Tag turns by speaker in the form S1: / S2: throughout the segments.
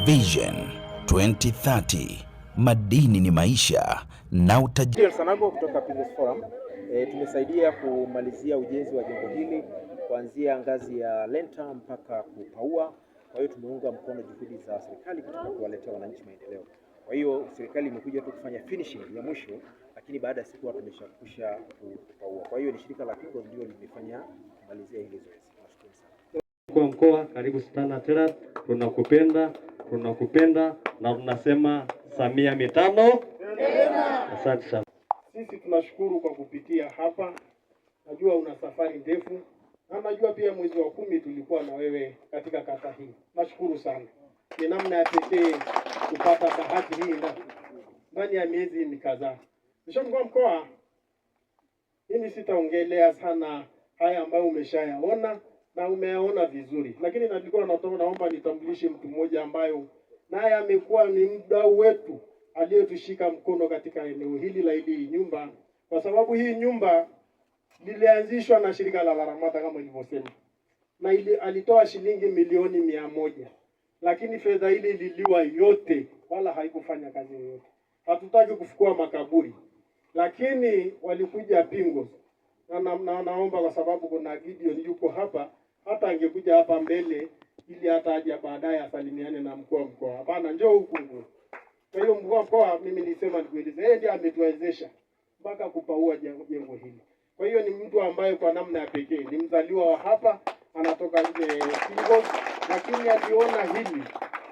S1: Vision 2030 madini ni maisha na utajiri.
S2: Sanago kutoka Business Forum. E, tumesaidia kumalizia ujenzi wa jengo hili kuanzia ngazi ya lenta mpaka kupaua. Kwa hiyo tumeunga mkono juhudi za serikali katika kuwaletea wananchi maendeleo. Kwa hiyo serikali imekuja tu kufanya finishing ya mwisho, lakini baada ya siku watu wameshakwisha kupaua. Kwa hiyo ni shirika la Kingo ndio limefanya kumalizia hili zoezi.
S3: Nashukuru sana mkoa mkoa, karibu sana tena, tunakupenda tunakupenda na tunasema Samia mitano Asante sana.
S4: Sisi tunashukuru kwa kupitia hapa, najua una safari ndefu na najua pia mwezi wa kumi tulikuwa na wewe katika kata hii. Nashukuru sana, ni namna ya pekee kupata bahati hii ndani ya miezi ni kadhaa. Mshauri wa mkoa, mimi sitaongelea sana haya ambayo umeshayaona na umeona vizuri, lakini nalikuwa natoa, naomba nitambulishe mtu mmoja ambayo naye amekuwa ni mdau wetu aliyetushika mkono katika eneo hili la hili nyumba, kwa sababu hii nyumba lilianzishwa na shirika la Laramata kama ilivyosema, na ili, alitoa shilingi milioni mia moja lakini fedha hili liliwa yote, wala haikufanya kazi yoyote. Hatutaki kufukua makaburi, lakini walikuja Pingo na, na, na naomba kwa sababu kuna Gideon yuko hapa hata angekuja hapa mbele ili hata aje baadaye asalimiane na mkuu wa mkoa. Hapana, njoo huku huku. Kwa hiyo mkuu wa mkoa, mimi nilisema nikueleze, yeye ndiye ametuwezesha mpaka kupaua jengo hili. Kwa hiyo ni mtu ambaye kwa namna ya pekee ni mzaliwa wa hapa, anatoka nje Kingo, lakini aliona hili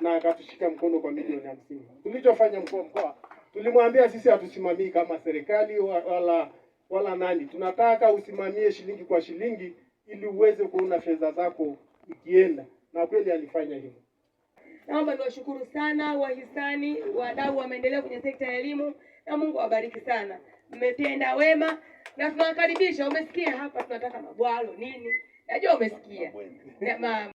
S4: na akatushika mkono kwa milioni hamsini. Tulichofanya mkuu wa mkoa, tulimwambia sisi hatusimamii kama serikali wala wala nani, tunataka usimamie shilingi kwa shilingi ili uweze kuona fedha zako ikienda, na kweli alifanya hivyo.
S5: Naomba niwashukuru sana wahisani, wadau wa maendeleo kwenye sekta ya elimu, na Mungu awabariki sana, mmetenda wema na tunawakaribisha. Umesikia hapa tunataka mabwalo nini, najua umesikia.